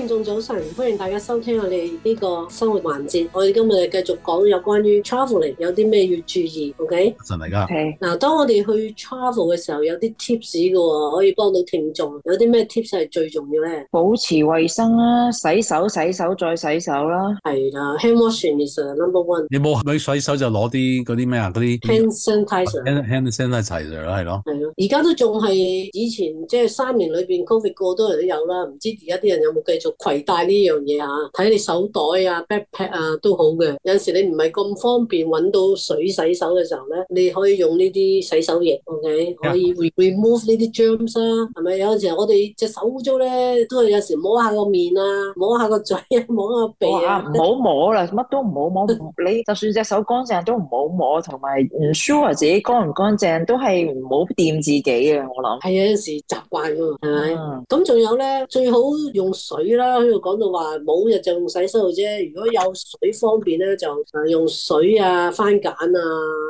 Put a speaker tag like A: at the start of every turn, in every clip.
A: 聽眾早晨，歡迎大家收聽我哋呢個生活環節。我哋今日繼續講有關於 traveling 有啲咩要注意，OK？早晨嚟噶。係嗱，當我哋去 travel 嘅時候，有啲 tips 嘅可以幫到聽眾。有啲咩 tips 係最重要咧？保持衛生啦、啊，洗手、洗手再洗手啦。係啦 hand washing is number one。你
B: 冇去洗手就攞啲嗰啲咩啊？嗰啲 hand sanitizer。hand sanitizer 齊啦，係咯。係咯，
A: 而家都仲係以前即係三年裏邊，covid 過多人都有啦。唔知而家啲人有冇繼續？攜帶呢樣嘢啊，睇你手袋啊、backpack 啊都好嘅。有陣時你唔係咁方便揾到水洗手嘅時候咧，你可以用呢啲洗手液，OK？可以 re remove 呢啲 germs 啦、啊。係咪？有陣時我哋隻手污糟咧，都係有時摸下個面啊，摸下個嘴啊，摸下個、啊、鼻啊，唔好摸啦，乜都唔好摸。 你就算隻手乾淨都唔好摸，同埋唔 sure 自己乾唔乾淨都係唔好掂自己啊。我諗係有陣時習慣啊，係咪？咁、嗯、仲有咧，最好用水。啦，喺度講到話冇就用洗手液啫。如果有水方便咧，就用水啊、番鹼啊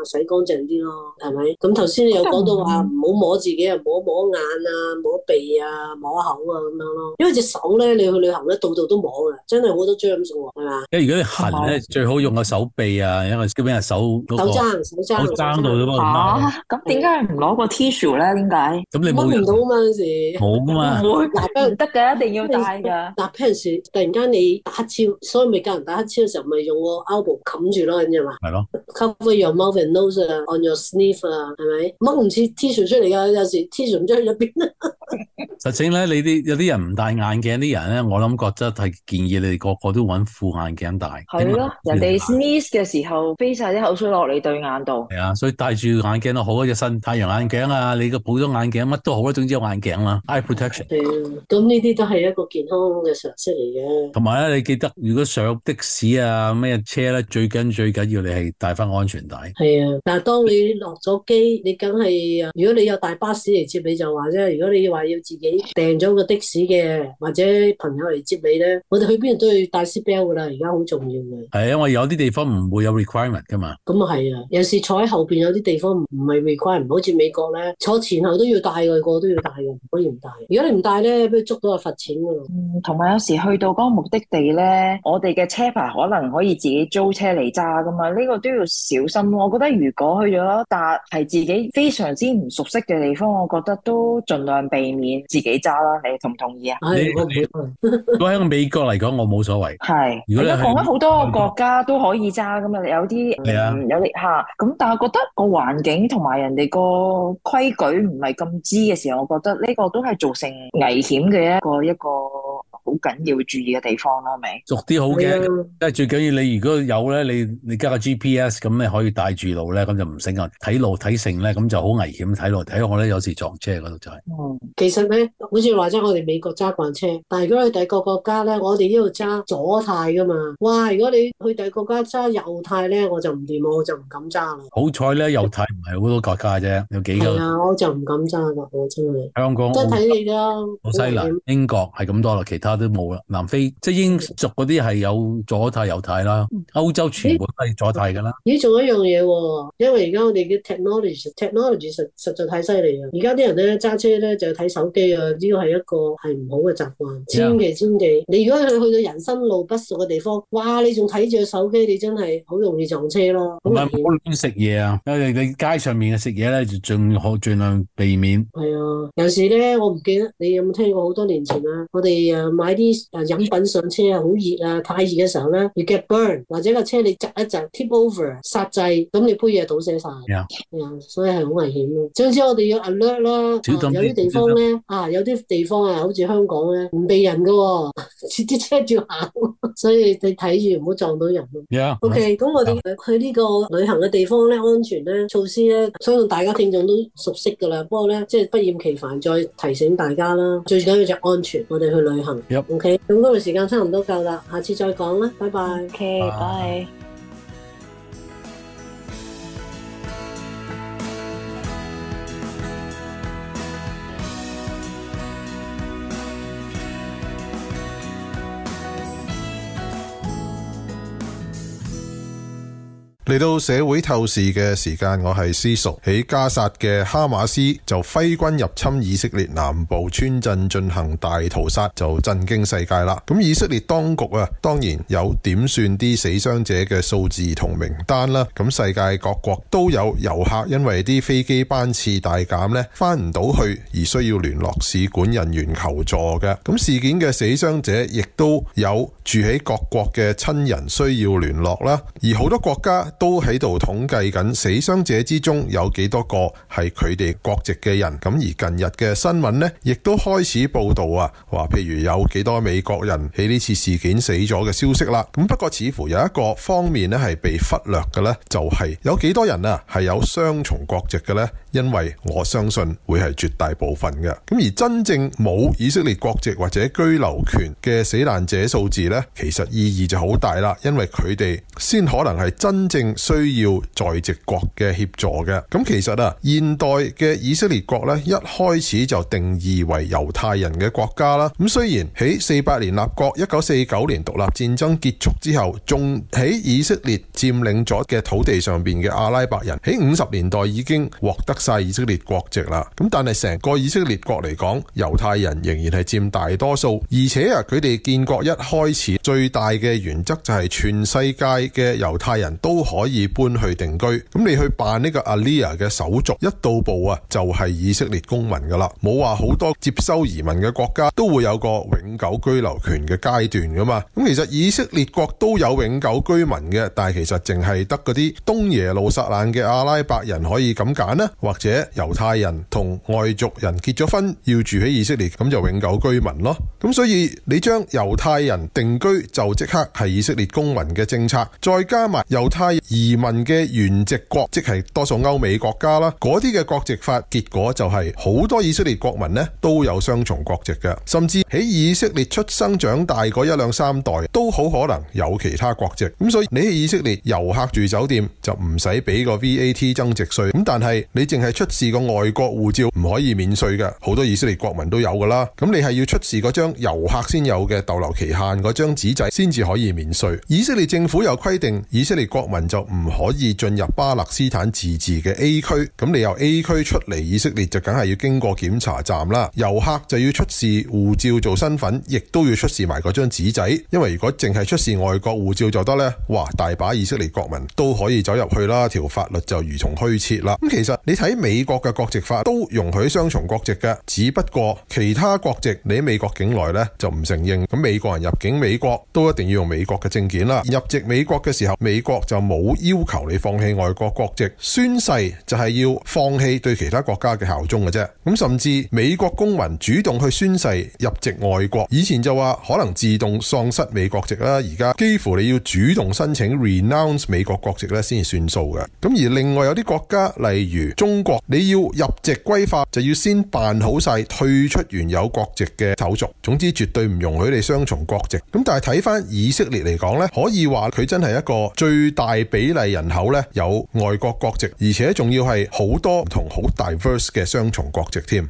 A: 洗乾淨啲咯，係咪？咁頭先又講到話唔好摸自己啊，摸摸眼啊，摸鼻啊，摸口啊咁樣咯。因為隻手咧，你去旅行咧，度度都摸㗎，真係好多菌數啊嘛。因
B: 為如果你痕咧，最好用個手臂啊，因為基本上手嗰個手踭手踭到都掹唔到。
A: 咁點解唔攞個 tissue 咧？點解？咁你冇唔到啊嘛？嗰時冇㗎嘛，得唔得㗎，一定要帶㗎。但平時突然間你打乞嗤，所以咪教人打乞嗤嘅時候咪用個 elbow 冚住咯，咁啫嘛。係咯。Cover your mouth and nose on your sneeze 啊，係咪？冇唔似 tissue 出嚟㗎，有時 tissue 唔知去咗邊啦。
B: 實情咧，你啲有啲人唔戴眼鏡呢，啲人咧我諗覺得係建議你哋個個都揾副眼鏡戴。係咯，人哋
A: sneeze 嘅時候飛晒啲口水落你對眼度。
B: 係啊，所以戴住眼鏡都好一隻新太陽眼鏡啊，你個普通眼鏡乜都好啦，總之有眼鏡啦、啊。Eye protection。係
A: 啊，咁呢啲都係一個健康常識嚟嘅，
B: 同埋咧，你記得如果上的士啊咩車咧，最緊最緊要你係帶翻安全帶。
A: 係啊，但係當你落咗機，你梗係啊。如果你有大巴士嚟接你，就話啫。如果你話要自己訂咗個的士嘅，或者朋友嚟接你咧，我哋去邊度都要帶 seat belt 噶啦。而家好重要嘅。
B: 係啊，因為有啲地方唔會有 requirement 噶嘛。咁
A: 係啊，有時坐喺後邊有啲地方唔係 requirement，好似美國咧，坐前後都要帶嘅，個個都要帶嘅，唔可以唔戴。如果你唔戴咧，俾佢捉到就罰錢噶啦。嗯我有時去到嗰個目的地咧，我哋嘅車牌可能可以自己租車嚟揸噶嘛？呢個都要小心。我覺得如果去咗一笪係自己非常之唔熟悉嘅地方，我覺得都盡量避免自己揸啦。你同唔同意啊？你如
B: 果喺美國嚟講，我冇所謂。係。如果喺好多國
A: 家都可以揸㗎嘛，有啲有啲嚇。咁但係覺得個環境同埋人哋個規矩唔係咁知嘅時候，我覺得呢個都係造成危險嘅一個一個。好緊要注意嘅地方咯，咪
B: 熟啲好驚，即係最緊要你如果有咧，你你加個 GPS 咁，你可以帶住路咧，咁就唔醒啊。睇路睇成咧，咁就好危險。睇路睇我咧，有時撞車嗰度
A: 就係、是。哦、嗯，其實咧，好似話齋我哋美國揸慣車，但係如果去第個國家咧，我哋呢度揸左軚噶嘛。哇，如果你去第國家揸右軚咧，我就唔掂，我就唔敢揸啦。
B: 好彩咧，右軚唔係好多國家啫， 有幾個
A: 我就唔敢揸
B: 啦，我真係。香
A: 港、紐西蘭、
B: 英國係咁多啦，其他。都冇啦，南非即係英屬嗰啲係有左派、右派啦，歐洲全部都係左派
A: 噶啦。咦，仲有一樣嘢，因為而家我哋嘅 technology，technology 實實在太犀利啊！而家啲人咧揸車咧就睇手機啊，呢個係一個係唔好嘅習慣，千祈千祈。你如果去去到人生路不熟嘅地方，哇！你仲睇住個手機，你真係好容易撞車咯。咁
B: 咪唔好亂食嘢啊，因為你街上面嘅食嘢咧，就盡可盡量避免。
A: 係啊，有時咧，我唔記得你有冇聽過好多年前啊，我哋誒。買啲誒飲品上車，好熱啊！太熱嘅時候咧，你 get burn，或者個車你窒一窒，tip over，剎掣，咁你杯嘢倒瀉晒，yeah. Yeah, 所以係好危險咯。總之我哋要 alert 啦、啊，有啲地方咧，啊有啲地方啊，好似香港咧，唔避人噶、哦，直接車住行、啊，所以你睇住唔好撞到人咯。OK 咁我哋去呢個旅行嘅地方咧，安全咧，措施咧，相信大家聽眾都熟悉噶啦。不過咧，即係不厭其煩再提醒大家啦。最緊要就安全，我哋去旅行。OK，咁今日時間差唔多夠啦，下次再講啦，拜拜。OK，bye。
C: 嚟到社會透視嘅時間，我係私塾喺加薩嘅哈馬斯就揮軍入侵以色列南部村鎮進行大屠殺，就震驚世界啦。咁以色列當局啊，當然有點算啲死傷者嘅數字同名單啦。咁世界各國都有遊客因為啲飛機班次大減呢，翻唔到去而需要聯絡使館人員求助嘅。咁事件嘅死傷者亦都有住喺各國嘅親人需要聯絡啦。而好多國家，都喺度統計緊死傷者之中有幾多個係佢哋國籍嘅人，咁而近日嘅新聞呢，亦都開始報道啊，話譬如有幾多美國人喺呢次事件死咗嘅消息啦。咁不過似乎有一個方面呢，係被忽略嘅呢，就係、是、有幾多人啊係有雙重國籍嘅呢，因為我相信會係絕大部分嘅。咁而真正冇以色列國籍或者居留權嘅死難者數字呢，其實意義就好大啦，因為佢哋先可能係真正。需要在籍國嘅協助嘅，咁其實啊，現代嘅以色列國咧，一開始就定義為猶太人嘅國家啦。咁雖然喺四八年立國，一九四九年獨立戰爭結束之後，仲喺以色列佔領咗嘅土地上邊嘅阿拉伯人喺五十年代已經獲得晒以色列國籍啦。咁但係成個以色列國嚟講，猶太人仍然係佔大多數，而且啊，佢哋建國一開始最大嘅原則就係全世界嘅猶太人都。可以搬去定居，咁你去辦呢個阿利亞嘅手續，一到步啊就係以色列公民噶啦，冇話好多接收移民嘅國家都會有個永久居留權嘅階段噶嘛。咁其實以色列國都有永久居民嘅，但係其實淨係得嗰啲東耶路撒冷嘅阿拉伯人可以咁揀啦，或者猶太人同外族人結咗婚要住喺以色列，咁就永久居民咯。咁所以你將猶太人定居就即刻係以色列公民嘅政策，再加埋猶太。移民嘅原籍國，即係多數歐美國家啦，嗰啲嘅國籍法結果就係好多以色列國民呢都有雙重國籍嘅，甚至喺以色列出生長大嗰一兩三代都好可能有其他國籍。咁所以你喺以色列遊客住酒店就唔使俾個 VAT 增值稅，咁但係你淨係出示個外國護照唔可以免稅嘅，好多以色列國民都有噶啦。咁你係要出示嗰張遊客先有嘅逗留期限嗰張紙仔先至可以免稅。以色列政府又規定以色列國民。就唔可以進入巴勒斯坦自治嘅 A 區，咁你由 A 區出嚟，以色列就梗係要經過檢查站啦。遊客就要出示護照做身份，亦都要出示埋嗰張紙仔，因為如果淨係出示外國護照就得咧，哇！大把以色列國民都可以走入去啦，條法律就如從虛設啦。咁其實你睇美國嘅國籍法都容許雙重國籍嘅，只不過其他國籍你喺美國境內呢就唔承認。咁美國人入境美國都一定要用美國嘅證件啦，入籍美國嘅時候，美國就冇。冇要求你放棄外國國籍，宣誓就係要放棄對其他國家嘅效忠嘅啫。咁甚至美國公民主動去宣誓入籍外國，以前就話可能自動喪失美國籍啦，而家幾乎你要主動申請 renounce 美國國籍咧先算數嘅。咁而另外有啲國家，例如中國，你要入籍歸化就要先辦好晒退出原有國籍嘅手續。總之絕對唔容許你雙重國籍。咁但係睇翻以色列嚟講咧，可以話佢真係一個最大比例人口呢，有外國國籍，而且仲要係好多唔同好 diverse 嘅雙重國籍添。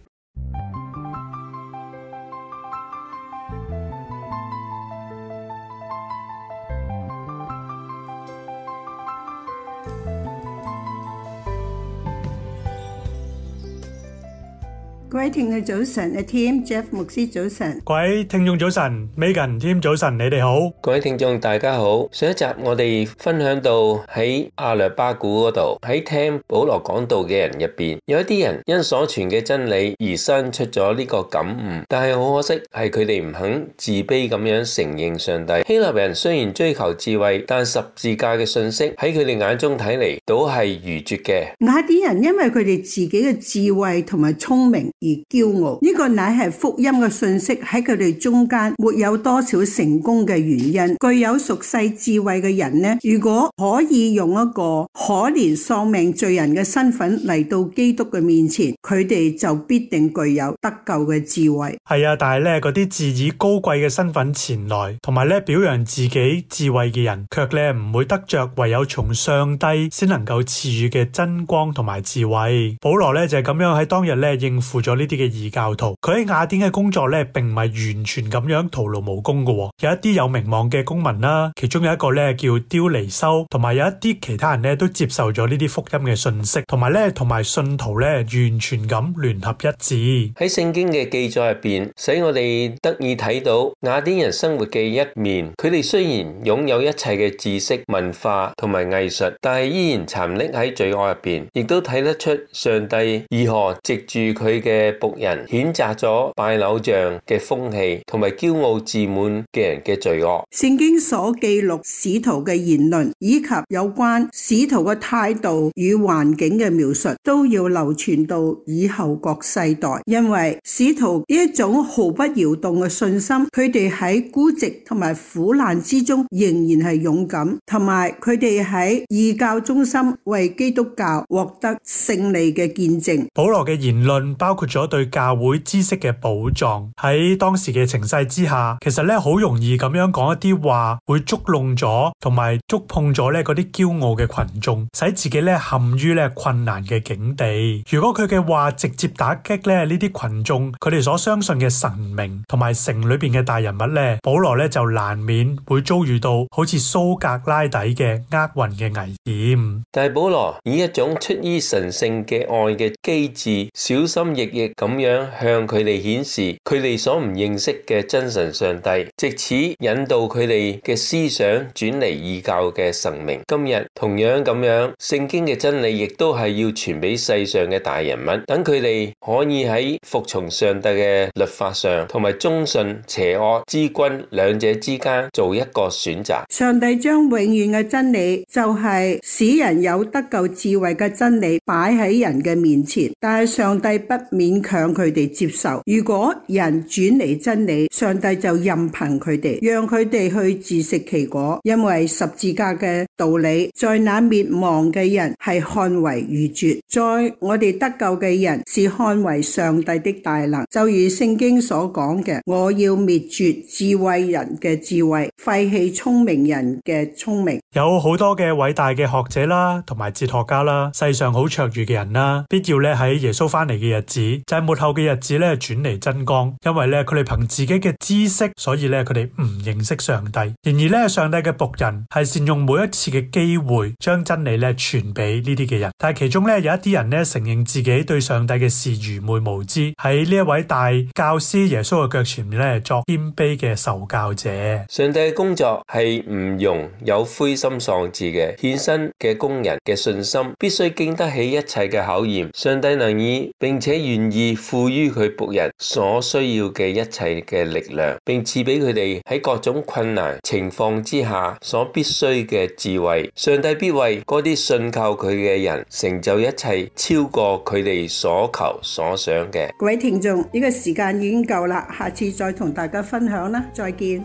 D: 各位聽眾早晨，阿 Tim Jeff 牧師早晨，
E: 各位聽眾早晨，Megan Tim 早晨，你哋好，
F: 各位聽眾大家好。上一集我哋分享到喺亞略巴古嗰度，喺聽保羅講道嘅人入邊，有一啲人因所傳嘅真理而生出咗呢個感悟，但係好可惜係佢哋唔肯自卑咁樣承認上帝。希臘人雖然追求智慧，但十字架嘅信息喺佢哋眼中睇嚟都係愚拙嘅。
D: 雅典人因為佢哋自己嘅智慧同埋聰明。而驕傲，呢個乃係福音嘅信息，喺佢哋中間沒有多少成功嘅原因。具有屬世智慧嘅人呢，如果可以用一個可憐喪命罪人嘅身份嚟，到基督嘅面前，佢哋就必定具有得救嘅智慧。
E: 係啊，但係咧，嗰啲自以高貴嘅身份前來，同埋咧表揚自己智慧嘅人，卻咧唔會得着唯有從上帝先能夠賜予嘅真光同埋智慧。保羅呢，就係咁樣喺當日咧應付咗。有呢啲嘅異教徒，佢喺雅典嘅工作咧，並唔係完全咁樣徒勞無功嘅、哦。有一啲有名望嘅公民啦、啊，其中有一個咧叫丟尼修，同埋有，有一啲其他人咧都接受咗呢啲福音嘅訊息，同埋咧同埋信徒咧完全咁聯合
F: 一致。喺聖經嘅記載入邊，使我哋得以睇到雅典人生活嘅一面。佢哋雖然擁有一切嘅知識、文化同埋藝術，但係依然沉溺喺罪惡入邊，亦都睇得出上帝如何藉住佢嘅。嘅僕人譴責咗拜偶像嘅風氣，同埋驕傲自滿嘅人嘅罪惡。
D: 聖經所記錄使徒嘅言論，以及有關使徒嘅態度與環境嘅描述，都要流傳到以後各世代，因為使徒呢一種毫不搖動嘅信心，佢哋喺孤寂同埋苦難之中仍然係勇敢，同埋佢哋喺異教中心為基督教獲得勝利嘅見證。
E: 保羅嘅言論包括。咗對教會知識嘅寶藏喺當時嘅情勢之下，其實咧好容易咁樣講一啲話，會捉弄咗同埋觸碰咗咧嗰啲驕傲嘅群眾，使自己咧陷於咧困難嘅境地。如果佢嘅話直接打擊咧呢啲群眾，佢哋所相信嘅神明同埋城裏邊嘅大人物咧，保羅咧就難免會遭遇到好似蘇格拉底嘅厄運嘅危
F: 險。但係保羅以一種出於神聖嘅愛嘅機智，小心翼翼。亦咁樣向佢哋顯示佢哋所唔認識嘅真神上帝，借此引導佢哋嘅思想轉嚟異教嘅神明。今日同樣咁樣，聖經嘅真理亦都係要傳俾世上嘅大人物，等佢哋可以喺服從上帝嘅律法上，同埋忠信邪惡之君兩者之間做一個選擇。
D: 上帝將永遠嘅真理，就係使人有得救智慧嘅真理擺喺人嘅面前，但係上帝不。勉強佢哋接受。如果人轉離真理，上帝就任憑佢哋，讓佢哋去自食其果。因為十字架嘅。道理在那滅亡嘅人係看為愚拙，在我哋得救嘅人是看為上帝的大能，就如聖經所講嘅，我要滅絕智慧人嘅智慧，廢棄聰明人嘅聰明。
E: 有好多嘅偉大嘅學者啦，同埋哲學家啦，世上好卓越嘅人啦，必要咧喺耶穌翻嚟嘅日子，就係、是、末後嘅日子咧轉嚟增光。因為咧佢哋憑自己嘅知識，所以咧佢哋唔認識上帝。然而咧上帝嘅僕人係善用每一次。嘅機會將真理咧傳俾呢啲嘅人，但係其中咧有一啲人咧承認自己對上帝嘅事愚昧無知，喺呢一位大教師耶穌嘅腳前面咧作謙卑嘅受教者。
F: 上帝嘅工作係唔容有灰心喪志嘅獻身嘅工人嘅信心，必須經得起一切嘅考驗。上帝能以並且願意賦予佢僕人所需要嘅一切嘅力量，並賜俾佢哋喺各種困難情況之下所必須嘅智慧。上帝必為嗰啲信靠佢嘅人成就一切，超過佢哋所求所想嘅。
D: 各位聽眾，呢個時間已經夠啦，下次再同大家分享啦，再見。